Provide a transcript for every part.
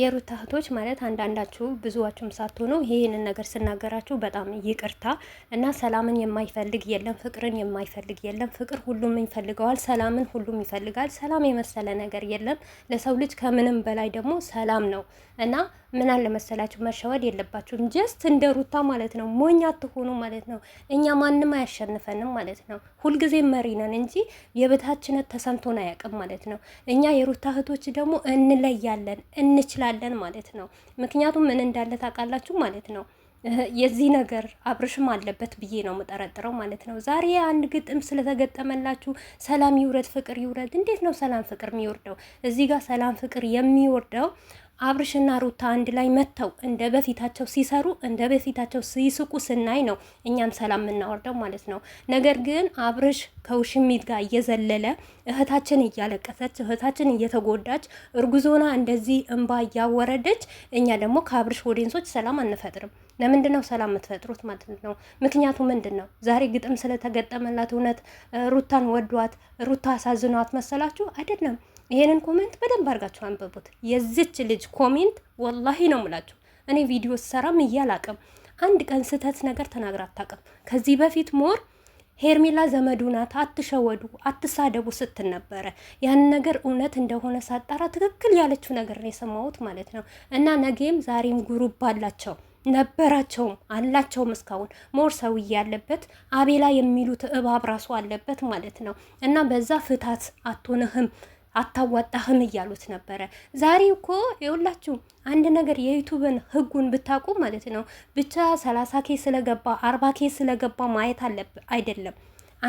የሩታ እህቶች ማለት አንዳንዳችሁ ብዙዋችሁም ሳትሆኑ ይህንን ነገር ስናገራችሁ በጣም ይቅርታ እና ሰላምን የማይፈልግ የለም፣ ፍቅርን የማይፈልግ የለም። ፍቅር ሁሉም ይፈልገዋል፣ ሰላምን ሁሉም ይፈልጋል። ሰላም የመሰለ ነገር የለም። ለሰው ልጅ ከምንም በላይ ደግሞ ሰላም ነው እና ምን አለ መሰላችሁ መሸወድ የለባችሁም። ጀስት እንደ ሩታ ማለት ነው ሞኝ አትሆኑ ማለት ነው። እኛ ማንም አያሸንፈንም ማለት ነው። ሁልጊዜ መሪ ነን እንጂ የበታችነት ተሰምቶን አያውቅም ማለት ነው። እኛ የሩታ እህቶች ደግሞ እንለያለን፣ እንችላለን ማለት ነው። ምክንያቱም ምን እንዳለ ታውቃላችሁ ማለት ነው። የዚህ ነገር አብርሽም አለበት ብዬ ነው የምጠረጥረው ማለት ነው። ዛሬ አንድ ግጥም ስለተገጠመላችሁ ሰላም ይውረድ፣ ፍቅር ይውረድ። እንዴት ነው ሰላም ፍቅር የሚወርደው? እዚህ ጋር ሰላም ፍቅር የሚወርደው አብርሽና ሩታ አንድ ላይ መጥተው እንደ በፊታቸው ሲሰሩ እንደ በፊታቸው ሲስቁ ስናይ ነው እኛም ሰላም የምናወርደው ማለት ነው። ነገር ግን አብርሽ ከውሽሚት ጋር እየዘለለ እህታችን እያለቀሰች እህታችን እየተጎዳች እርጉዞና እንደዚህ እንባ እያወረደች እኛ ደግሞ ከአብርሽ ወዴንሶች ሰላም አንፈጥርም። ለምንድን ነው ሰላም የምትፈጥሩት ማለት ነው? ምክንያቱ ምንድን ነው? ዛሬ ግጥም ስለተገጠመላት እውነት ሩታን ወዷት ሩታ አሳዝኗት መሰላችሁ? አይደለም። ይሄንን ኮሜንት በደንብ አድርጋችሁ አንብቡት። የዚች ልጅ ኮሜንት ወላሂ ነው ምላችሁ። እኔ ቪዲዮ ሰራም እያላቅም አንድ ቀን ስህተት ነገር ተናግራ አታውቅም። ከዚህ በፊት ሞር ሄርሜላ ዘመዱ ናት፣ አትሸወዱ፣ አትሳደቡ ስትል ነበረ። ያን ነገር እውነት እንደሆነ ሳጣራ ትክክል ያለችው ነገር ነው የሰማሁት ማለት ነው። እና ነገም ዛሬም ጉሩብ አላቸው ነበራቸውም አላቸውም። እስካሁን ሞር ሰውዬ ያለበት አቤላ የሚሉት እባብ ራሱ አለበት ማለት ነው። እና በዛ ፍታት አትሆንህም አታዋጣህም እያሉት ነበረ። ዛሬ እኮ የሁላችሁ አንድ ነገር የዩቱብን ህጉን ብታውቁ ማለት ነው ብቻ ሰላሳ ኬ ስለገባ አርባ ኬ ስለገባ ማየት አለብ አይደለም።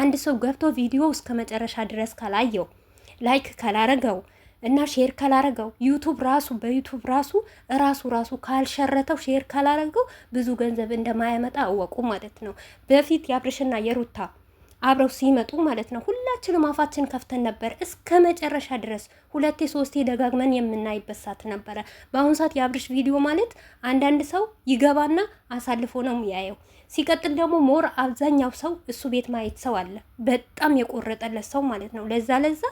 አንድ ሰው ገብቶ ቪዲዮ እስከ መጨረሻ ድረስ ካላየው ላይክ ካላረገው እና ሼር ካላረገው ዩቱብ ራሱ በዩቱብ ራሱ ራሱ ራሱ ካልሸረተው ሼር ካላረገው ብዙ ገንዘብ እንደማያመጣ እወቁ ማለት ነው። በፊት የአብርሽና የሩታ አብረው ሲመጡ ማለት ነው ሁላችንም አፋችን ከፍተን ነበር እስከ መጨረሻ ድረስ ሁለቴ ሶስቴ ደጋግመን የምናይበት ሰዓት ነበረ። በአሁኑ ሰዓት የአብርሽ ቪዲዮ ማለት አንዳንድ ሰው ይገባና አሳልፎ ነው የሚያየው። ሲቀጥል ደግሞ ሞር አብዛኛው ሰው እሱ ቤት ማየት ሰው አለ፣ በጣም የቆረጠለት ሰው ማለት ነው። ለዛ ለዛ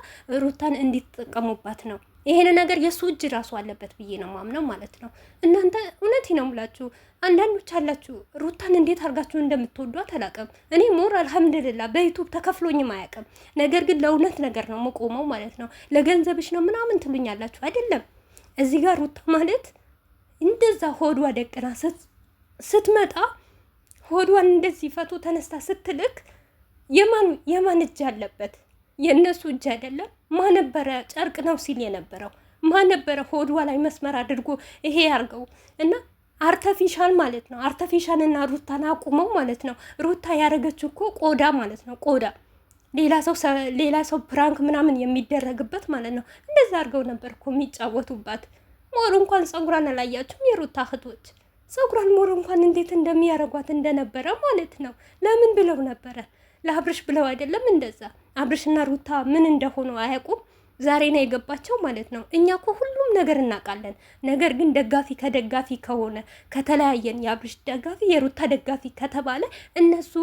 ሩታን እንዲጠቀሙባት ነው ይሄን ነገር የእሱ እጅ ራሱ አለበት ብዬ ነው ማምነው ማለት ነው። እናንተ እውነት ነው ምላችሁ አንዳንዶች አላችሁ ሩታን እንዴት አድርጋችሁ እንደምትወዷት አላውቅም። እኔ ሞር አልሐምድልላ በዩቱብ ተከፍሎኝም አያውቅም። ነገር ግን ለእውነት ነገር ነው የምቆመው ማለት ነው። ለገንዘብሽ ነው ምናምን ትሉኛላችሁ አይደለም። እዚህ ጋር ሩታ ማለት እንደዛ ሆዷ ደቅና ስትመጣ ሆዷን እንደዚህ ፈቶ ተነስታ ስትልክ የማን እጅ አለበት? የእነሱ እጅ አይደለም። ማነበረ ጨርቅ ነው ሲል የነበረው ማነበረ ሆድዋ ላይ መስመር አድርጎ ይሄ ያርገው እና አርተፊሻል ማለት ነው። አርተፊሻል እና ሩታን አቁመው ማለት ነው። ሩታ ያደረገችው እኮ ቆዳ ማለት ነው። ቆዳ ሌላ ሰው ሌላ ሰው ፕራንክ ምናምን የሚደረግበት ማለት ነው። እንደዛ አድርገው ነበር እኮ የሚጫወቱባት። ሞር እንኳን ፀጉሯን አላያችሁም? የሩታ እህቶች ፀጉሯን ሞር እንኳን እንዴት እንደሚያደርጓት እንደነበረ ማለት ነው። ለምን ብለው ነበረ? ለአብርሽ ብለው አይደለም እንደዛ አብርሽና ሩታ ምን እንደሆኑ አያውቁም። ዛሬ ነው የገባቸው ማለት ነው። እኛ እኮ ሁሉም ነገር እናውቃለን። ነገር ግን ደጋፊ ከደጋፊ ከሆነ ከተለያየን፣ የአብርሽ ደጋፊ የሩታ ደጋፊ ከተባለ እነሱ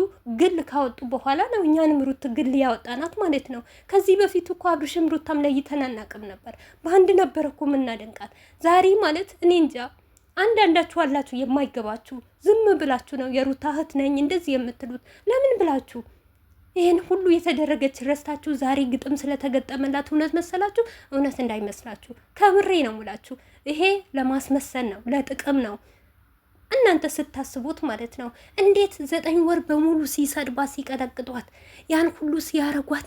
ግል ካወጡ በኋላ ነው እኛንም ሩት ግል ያወጣናት ማለት ነው። ከዚህ በፊት እኮ አብርሽም ሩታም ለይተን አናውቅም ነበር። በአንድ ነበር እኮ የምናደንቃት። ዛሬ ማለት እኔ እንጃ አንዳንዳችሁ አላችሁ የማይገባችሁ ዝም ብላችሁ ነው የሩታ እህት ነኝ እንደዚህ የምትሉት ለምን ብላችሁ ይህን ሁሉ የተደረገች ረስታችሁ ዛሬ ግጥም ስለተገጠመላት እውነት መሰላችሁ? እውነት እንዳይመስላችሁ ከብሬ ነው ሙላችሁ። ይሄ ለማስመሰል ነው፣ ለጥቅም ነው። እናንተ ስታስቡት ማለት ነው። እንዴት ዘጠኝ ወር በሙሉ ሲሰድባት፣ ሲቀጠቅጧት፣ ያን ሁሉ ሲያረጓት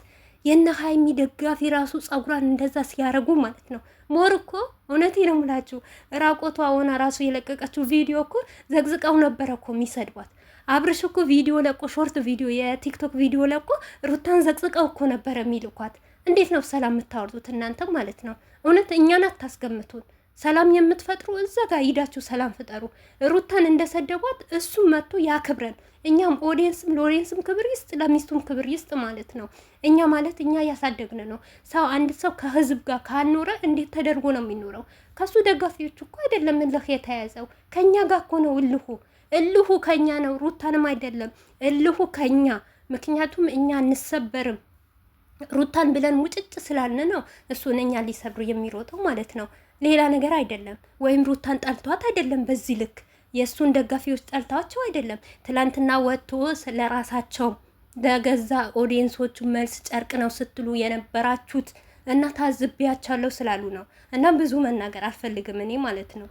የነ ሀይሚ ደጋፊ ራሱ ጸጉሯን እንደዛ ሲያረጉ ማለት ነው። ሞር እኮ እውነቴ ነው ሙላችሁ። ራቆቷ ሆና ራሱ የለቀቀችው ቪዲዮ እኮ ዘግዝቀው ነበረ እኮ የሚሰድቧት አብርሽ እኮ ቪዲዮ ለቆ ሾርት ቪዲዮ የቲክቶክ ቪዲዮ ለቆ ሩታን ዘቅዝቀው እኮ ነበረ የሚልኳት። እንዴት ነው ሰላም የምታወርዱት እናንተ ማለት ነው? እውነት እኛን አታስገምቱን። ሰላም የምትፈጥሩ እዛ ጋር ሂዳችሁ ሰላም ፍጠሩ። ሩታን እንደሰደቧት እሱም መጥቶ ያክብረን። እኛም ኦዲየንስም ሎሬንስም ክብር ይስጥ፣ ለሚስቱም ክብር ይስጥ ማለት ነው። እኛ ማለት እኛ ያሳደግን ነው። ሰው አንድ ሰው ከህዝብ ጋር ካልኖረ እንዴት ተደርጎ ነው የሚኖረው? ከሱ ደጋፊዎች እኮ አይደለም እልህ የተያዘው ከእኛ ጋር እኮ ነው እልሁ እልሁ ከኛ ነው፣ ሩታንም አይደለም እልሁ ከኛ። ምክንያቱም እኛ አንሰበርም ሩታን ብለን ሙጭጭ ስላልን ነው እሱን እኛ ሊሰብሩ የሚሮጠው ማለት ነው። ሌላ ነገር አይደለም። ወይም ሩታን ጠልቷት አይደለም በዚህ ልክ የእሱን ደጋፊዎች ጠልታቸው አይደለም። ትላንትና ወጥቶ ለራሳቸው ለገዛ ኦዲየንሶቹ መልስ ጨርቅ ነው ስትሉ የነበራችሁት እና ታዝቢያቻለሁ ስላሉ ነው። እና ብዙ መናገር አልፈልግም እኔ ማለት ነው።